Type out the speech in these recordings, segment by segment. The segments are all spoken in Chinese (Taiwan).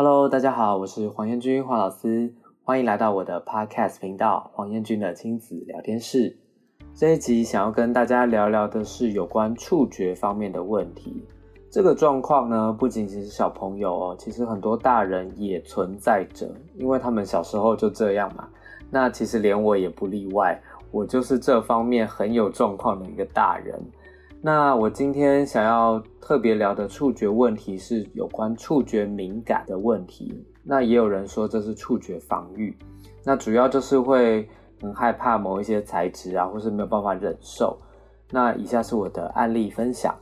哈嘍，大家好，我是黃彥軍，黃老師，歡迎來到我的 Podcast 頻道，黃彥軍的親子聊天室。這一集想要跟大家聊聊的是有關觸覺方面的問題。這個狀況呢，不僅僅是小朋友哦，其實很多大人也存在着，因為他們小時候就這樣嘛。那其實連我也不例外，我就是這方面很有狀況的一個大人。那我今天想要特別聊的觸覺問題是有關觸覺敏感的問題。那也有人說這是觸覺防禦，那主要就是會很害怕某一些材質啊，或是沒有辦法忍受。那以下是我的案例分享。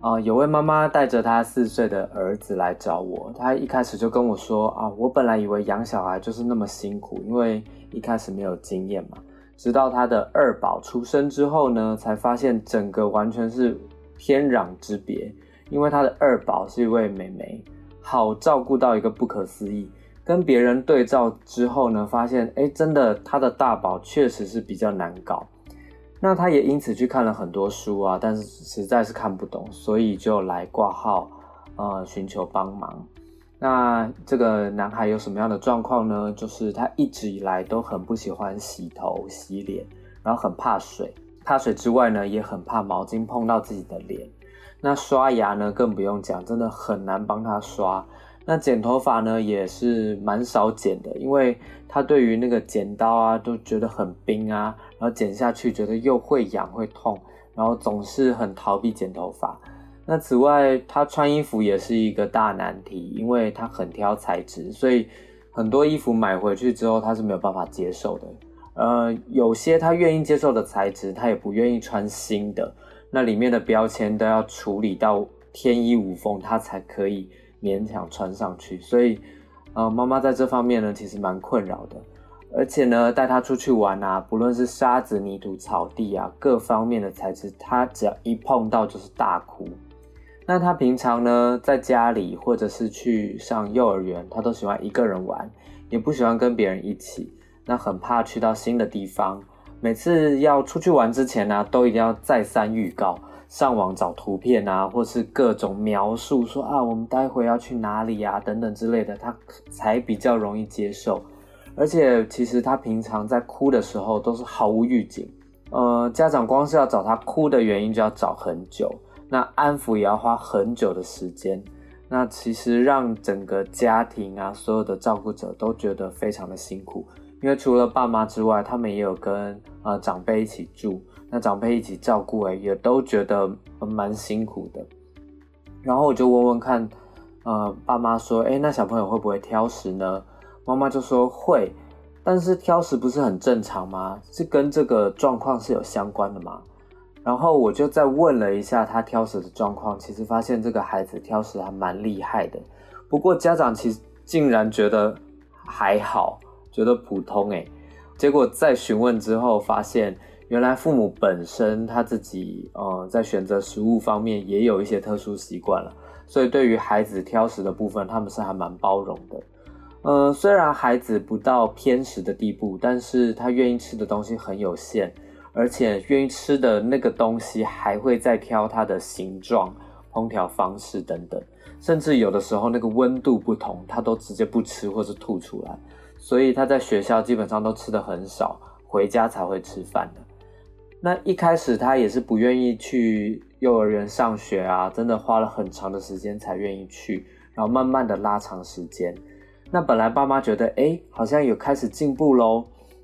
啊、呃，有位媽媽帶着她四歲的兒子來找我，她一開始就跟我說啊、呃，我本來以為養小孩就是那麼辛苦，因為一開始沒有經驗嘛。直到他的二寶出生之後呢，才發現整個完全是天壤之別，因為他的二寶是一位美眉，好照顧到一個不可思議。跟別人對照之後呢，發現哎、欸，真的他的大寶確實是比較難搞。那他也因此去看了很多書啊，但是實在是看不懂，所以就來掛號，呃，尋求幫忙。那這個男孩有什麼樣的狀況呢？就是他一直以來都很不喜歡洗頭洗臉，然後很怕水，怕水之外呢，也很怕毛巾碰到自己的臉。那刷牙呢，更不用講，真的很難幫他刷。那剪頭髮呢，也是蠻少剪的，因為他對於那個剪刀啊，都覺得很冰啊，然後剪下去覺得又會癢會痛，然後總是很逃避剪頭髮。那此外，他穿衣服也是一個大難題，因為他很挑材質，所以很多衣服買回去之後他是沒有辦法接受的。呃，有些他願意接受的材質，他也不願意穿新的。那裡面的標籤都要處理到天衣無縫，他才可以勉強穿上去。所以，呃，媽媽在這方面呢，其實蠻困擾的。而且呢，帶他出去玩啊，不論是沙子、泥土、草地啊，各方面的材質，他只要一碰到就是大哭。那他平常呢，在家裡或者是去上幼兒園，他都喜歡一個人玩，也不喜歡跟別人一起。那很怕去到新的地方，每次要出去玩之前呢、啊，都一定要再三預告，上網找圖片啊，或是各種描述說，說啊，我們待會要去哪裡呀、啊，等等之類的，他才比較容易接受。而且，其實他平常在哭的時候都是毫無預警，呃，家長光是要找他哭的原因，就要找很久。那安撫也要花很久的時間，那其實讓整個家庭啊，所有的照顧者都覺得非常的辛苦，因為除了爸媽之外，他們也有跟呃長輩一起住，那長輩一起照顧，哎，也都覺得蠻辛苦的。然後我就問問看，呃，爸媽說，哎、欸，那小朋友會不會挑食呢？媽媽就說會，但是挑食不是很正常嗎？是跟這個狀況是有相關的嗎？然後我就再問了一下他挑食的狀況，其實發現這個孩子挑食還蠻厲害的，不過家長其實竟然覺得還好，覺得普通誒。結果在詢問之後，發現原來父母本身他自己呃在選擇食物方面也有一些特殊習慣了，所以對於孩子挑食的部分，他們是還蠻包容的。呃，雖然孩子不到偏食的地步，但是他願意吃的東西很有限。而且願意吃的那個東西，還會再挑它的形狀、烹調方式等等，甚至有的時候那個溫度不同，他都直接不吃或是吐出來。所以他在學校基本上都吃得很少，回家才會吃飯的。那一開始他也是不願意去幼兒園上學啊，真的花了很長的時間才願意去，然後慢慢的拉長時間。那本來爸媽覺得，誒、欸，好像有開始進步嘍。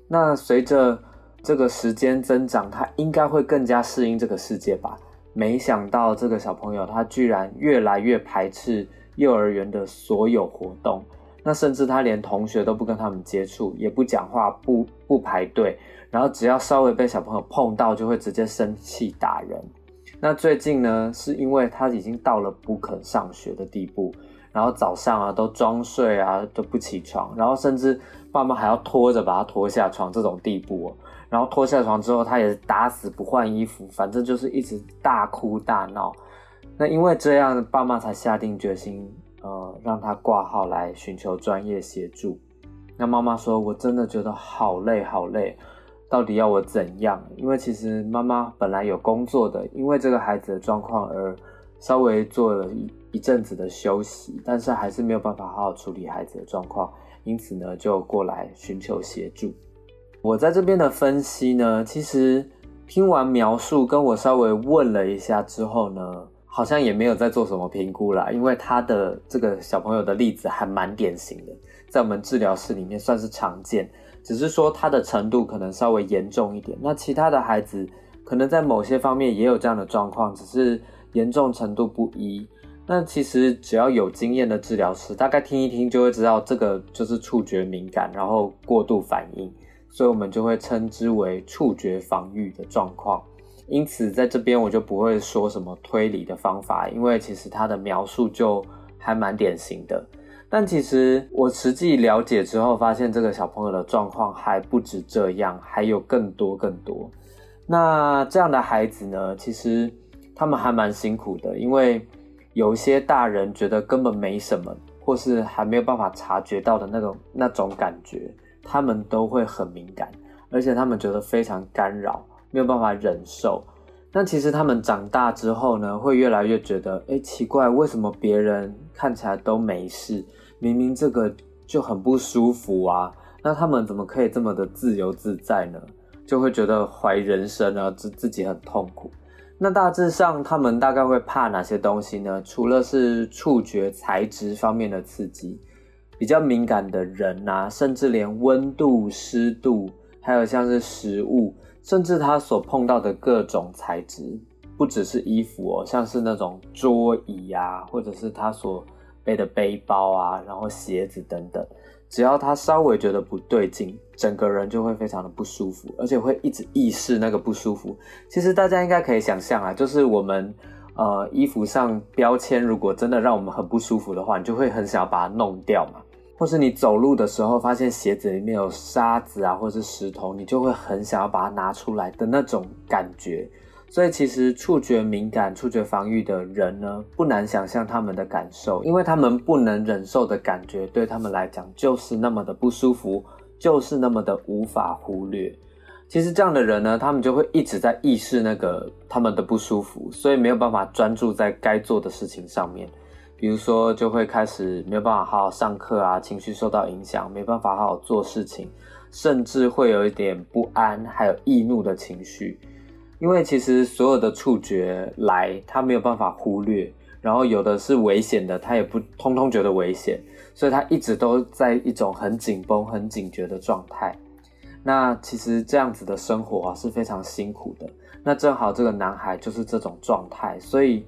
那隨着。這個時間增長，他應該會更加適應這個世界吧？沒想到這個小朋友，他居然越來越排斥幼兒園的所有活動，那甚至他連同學都不跟他們接觸，也不講話，不不排隊，然後只要稍微被小朋友碰到，就會直接生氣打人。那最近呢，是因為他已經到了不肯上學的地步，然後早上啊都裝睡啊都不起床，然後甚至爸媽還要拖着把他拖下床這種地步哦。然後脫下床之後，他也是打死不換衣服，反正就是一直大哭大鬧。那因為這樣，爸媽才下定決心，呃，讓他掛號來尋求專業協助。那媽媽說：“我真的覺得好累，好累，到底要我怎樣？”因為其實媽媽本來有工作的，因為這個孩子的狀況而稍微做了一一陣子的休息，但是還是沒有辦法好好處理孩子的狀況，因此呢，就過來尋求協助。我在這邊的分析呢，其實聽完描述跟我稍微問了一下之後呢，好像也沒有再做什麼評估啦，因為他的這個小朋友的例子還蠻典型的，在我們治療室裡面算是常見，只是說他的程度可能稍微嚴重一點。那其他的孩子可能在某些方面也有這樣的狀況，只是嚴重程度不一。那其實只要有經驗的治療師，大概聽一聽就會知道，這個就是觸覺敏感，然後過度反應。所以我們就會稱之為觸覺防御的狀況。因此，在這邊我就不會說什麼推理的方法，因為其實它的描述就還蠻典型的。但其實我實際了解之後，發現這個小朋友的狀況還不止這樣，還有更多更多。那這樣的孩子呢，其實他們還蠻辛苦的，因為有一些大人覺得根本沒什麼，或是還沒有辦法察覺到的那種那種感覺。他們都會很敏感，而且他們覺得非常干擾，沒有辦法忍受。那其實他們長大之後呢，會越來越覺得，誒奇怪，為什麼別人看起來都沒事，明明這個就很不舒服啊？那他們怎麼可以這麼的自由自在呢？就會覺得懷疑人生啊，自自己很痛苦。那大致上，他們大概會怕哪些東西呢？除了是觸覺材質方面的刺激。比較敏感的人啊，甚至連溫度、濕度，還有像是食物，甚至他所碰到的各種材質，不只是衣服哦，像是那種桌椅啊，或者是他所背的背包啊，然後鞋子等等，只要他稍微覺得不對勁，整個人就會非常的不舒服，而且會一直意識那個不舒服。其實大家應該可以想象啊，就是我們呃衣服上標籤，如果真的讓我們很不舒服的話，你就會很想要把它弄掉嘛。或是你走路的時候發現鞋子裡面有沙子啊，或是石頭，你就會很想要把它拿出來的那種感覺。所以其實觸覺敏感、觸覺防御的人呢，不難想象他們的感受，因為他們不能忍受的感覺，對他們來講就是那麼的不舒服，就是那麼的無法忽略。其實這樣的人呢，他們就會一直在意識那個他們的不舒服，所以沒有辦法專注在該做的事情上面。比如說，就會開始沒有辦法好好上課啊，情緒受到影響，沒辦法好好做事情，甚至會有一點不安，還有易怒的情緒。因為其實所有的觸覺來，他沒有辦法忽略，然後有的是危險的，他也不通通覺得危險，所以他一直都在一種很緊繃、很警覺的狀態。那其實這樣子的生活啊，是非常辛苦的。那正好這個男孩就是這種狀態，所以。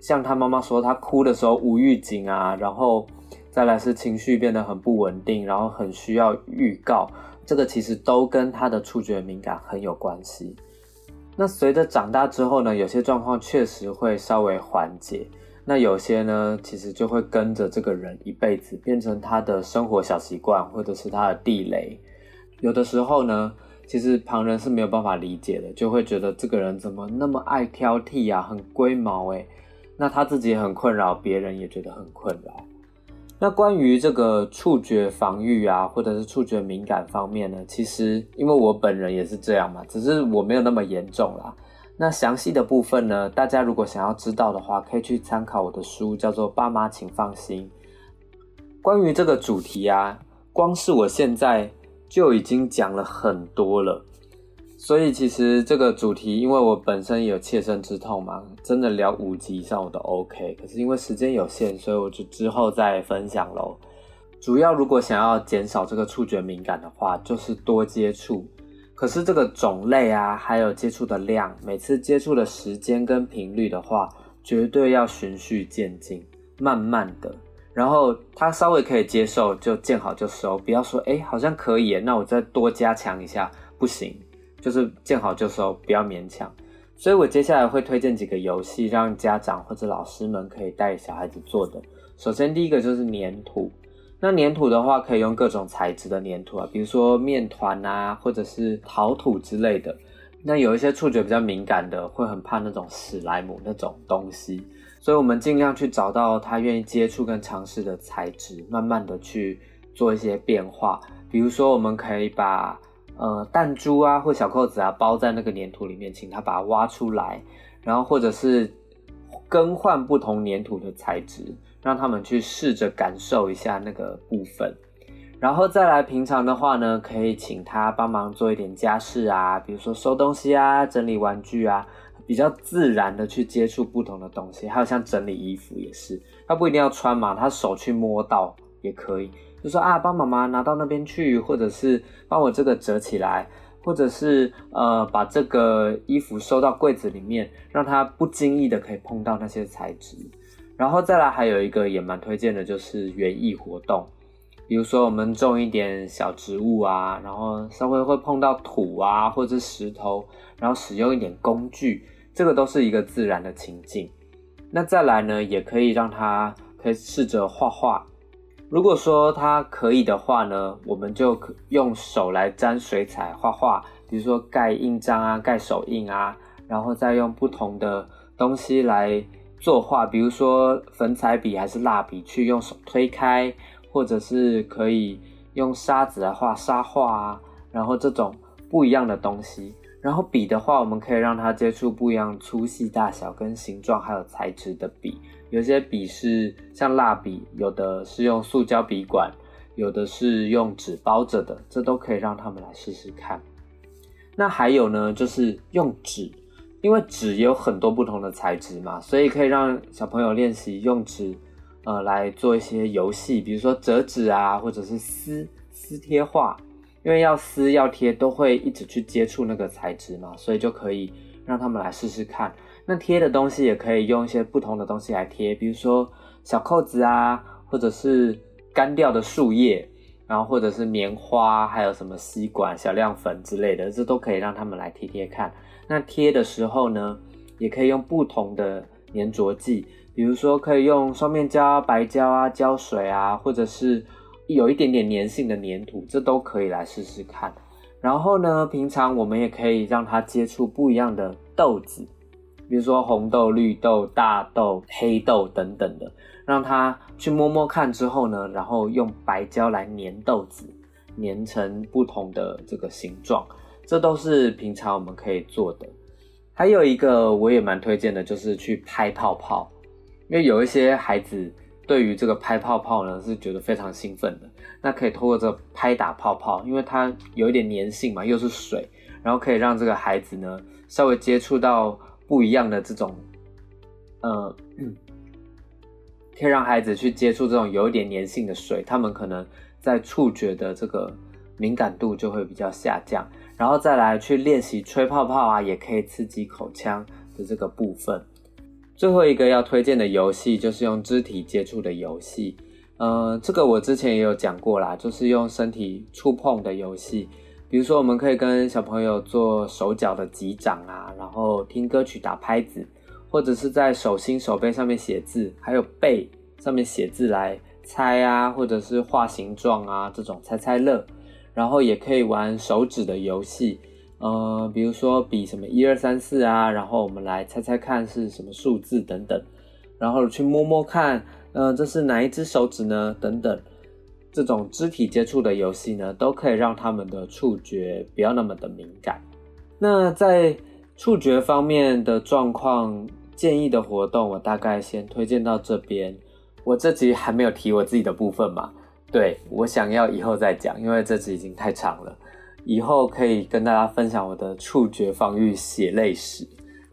像他媽媽說，他哭的時候無預警啊，然後再來是情緒變得很不穩定，然後很需要預告，這個其實都跟他的觸覺敏感很有關係。那隨着長大之後呢，有些狀況確實會稍微緩解，那有些呢，其實就會跟着這個人一輩子，變成他的生活小習慣，或者是他的地雷。有的時候呢，其實旁人是沒有辦法理解的，就會覺得這個人怎麼那麼愛挑剔啊，很龜毛哎、欸。那他自己很困擾，別人也覺得很困擾。那關於這個觸覺防禦啊，或者是觸覺敏感方面呢，其實因為我本人也是這樣嘛，只是我沒有那麼嚴重啦。那詳細的部分呢，大家如果想要知道的話，可以去參考我的書，叫做《爸媽請放心》。關於這個主題啊，光是我現在就已經講了很多了。所以其實這個主題，因為我本身有切身之痛嘛，真的聊五集以上我都 OK。可是因為時間有限，所以我就之後再分享嘍。主要如果想要減少這個觸覺敏感的話，就是多接觸。可是這個種類啊，還有接觸的量，每次接觸的時間跟頻率的話，絕對要循序漸進，慢慢的。然後他稍微可以接受，就見好就收，不要說哎好像可以，那我再多加強一下，不行。就是見好就收，不要勉強。所以我接下來會推薦幾個遊戲，讓家長或者老師們可以帶小孩子做的。首先，第一個就是粘土。那粘土的話，可以用各種材質的粘土啊，比如說面糰啊，或者是陶土之類的。那有一些觸覺比較敏感的，會很怕那種史萊姆那種東西。所以我們盡量去找到他願意接觸跟嘗試的材質，慢慢的去做一些變化。比如說，我們可以把……呃，彈珠啊，或小扣子啊，包在那個黏土裡面，請他把它挖出來，然後或者是更換不同黏土的材質，讓他們去試着感受一下那個部分，然後再來平常的話呢，可以請他幫忙做一點家事啊，比如說收東西啊、整理玩具啊，比較自然的去接觸不同的東西。還有像整理衣服也是，他不一定要穿嘛，他手去摸到也可以。就說啊，幫媽媽拿到那邊去，或者是幫我這個折起來，或者是呃把這個衣服收到櫃子裡面，讓他不經意的可以碰到那些材質。然後再來還有一個也蠻推薦的，就是園藝活動，比如說我們種一點小植物啊，然後稍微會碰到土啊或者石頭，然後使用一點工具，這個都是一個自然的情境。那再來呢，也可以讓他可以試着畫畫。如果說它可以的話呢，我們就用手來沾水彩畫畫，比如說蓋印章啊、蓋手印啊，然後再用不同的東西來作畫，比如說粉彩筆還是蠟筆，去用手推開，或者是可以用沙子來畫沙畫啊，然後這種不一樣的東西。然後筆的話，我們可以讓他接觸不一樣粗細、大小、跟形狀，還有材質的筆。有些筆是像蠟筆，有的是用塑膠筆管，有的是用紙包着的，這都可以讓他們來試試看。那還有呢，就是用紙，因為紙也有很多不同的材質嘛，所以可以讓小朋友練習用紙，呃，來做一些遊戲，比如說摺紙啊，或者是撕撕貼畫。因為要撕要貼，都會一直去接觸那個材質嘛，所以就可以讓他們來試試看。那貼的東西也可以用一些不同的東西來貼，比如說小釦子啊，或者是乾掉的樹葉，然後或者是棉花，還有什麼吸管、小亮粉之類的，這都可以讓他們來貼貼看。那貼的時候呢，也可以用不同的粘着劑，比如說可以用雙面膠啊、白膠啊、膠水啊，或者是，有一點點粘性的粘土，這都可以來試試看。然後呢，平常我們也可以讓他接觸不一樣的豆子，比如說紅豆、綠豆、大豆、黑豆等等的，讓他去摸摸看之後呢，然後用白膠來粘豆子，粘成不同的這個形狀，這都是平常我們可以做的。還有一個我也蠻推薦的，就是去拍泡泡，因為有一些孩子。對於這個拍泡泡呢，是覺得非常興奮的。那可以透過這個拍打泡泡，因為它有一點粘性嘛，又是水，然後可以讓這個孩子呢稍微接觸到不一樣的這種，呃，嗯，可以讓孩子去接觸這種有一點粘性的水，他們可能在觸覺的這個敏感度就會比較下降，然後再來去練習吹泡泡啊，也可以刺激口腔的這個部分。最後一個要推薦的遊戲就是用肢體接觸的遊戲，嗯、呃，這個我之前也有講過啦，就是用身體觸碰的遊戲，比如說我們可以跟小朋友做手腳的擊掌啊，然後聽歌曲打拍子，或者是在手心手背上面寫字，還有背上面寫字來猜啊，或者是畫形狀啊，這種猜猜樂，然後也可以玩手指的遊戲。嗯、呃，比如說比什麼一二三四啊，然後我們來猜猜看是什麼數字等等，然後去摸摸看，嗯、呃，這是哪一隻手指呢？等等，這種肢體接觸的遊戲呢，都可以讓他們的觸覺不要那麼的敏感。那在觸覺方面的狀況，建議的活動，我大概先推薦到這邊。我這集還沒有提我自己的部分嘛？對，我想要以後再講，因為這集已經太長了。以後可以跟大家分享我的觸覺防禦血淚史，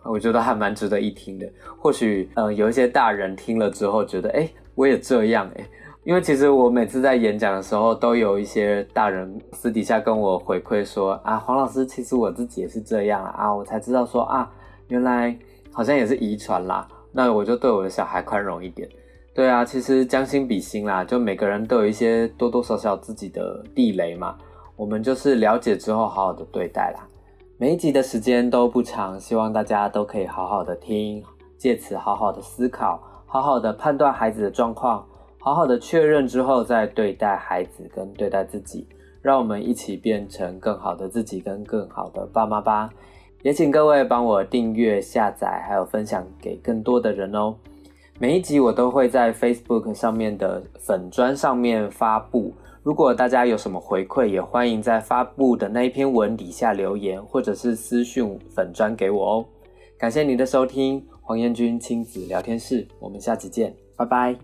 我覺得還蠻值得一聽的。或許，呃，有一些大人聽了之後覺得，哎，我也這樣哎。因為其實我每次在演講的時候，都有一些大人私底下跟我回饋說啊，黃老師，其實我自己也是這樣啊。啊，我才知道說啊，原來好像也是遺傳啦。那我就對我的小孩寬容一點。對啊，其實將心比心啦，就每個人都有一些多多少少自己的地雷嘛。我們就是了解之後好好的對待啦。每一集的時間都不長，希望大家都可以好好的聽，借此好好的思考，好好的判斷孩子的狀況，好好的確認之後再對待孩子跟對待自己。讓我們一起變成更好的自己跟更好的爸媽吧！也請各位幫我訂閱、下載，還有分享給更多的人哦。每一集我都會在 Facebook 上面的粉專上面發布。如果大家有什麼回饋，也歡迎在發布的那一篇文底下留言，或者是私訊粉專給我哦。感謝您的收聽，黃彥君親子聊天室，我們下集見，拜拜。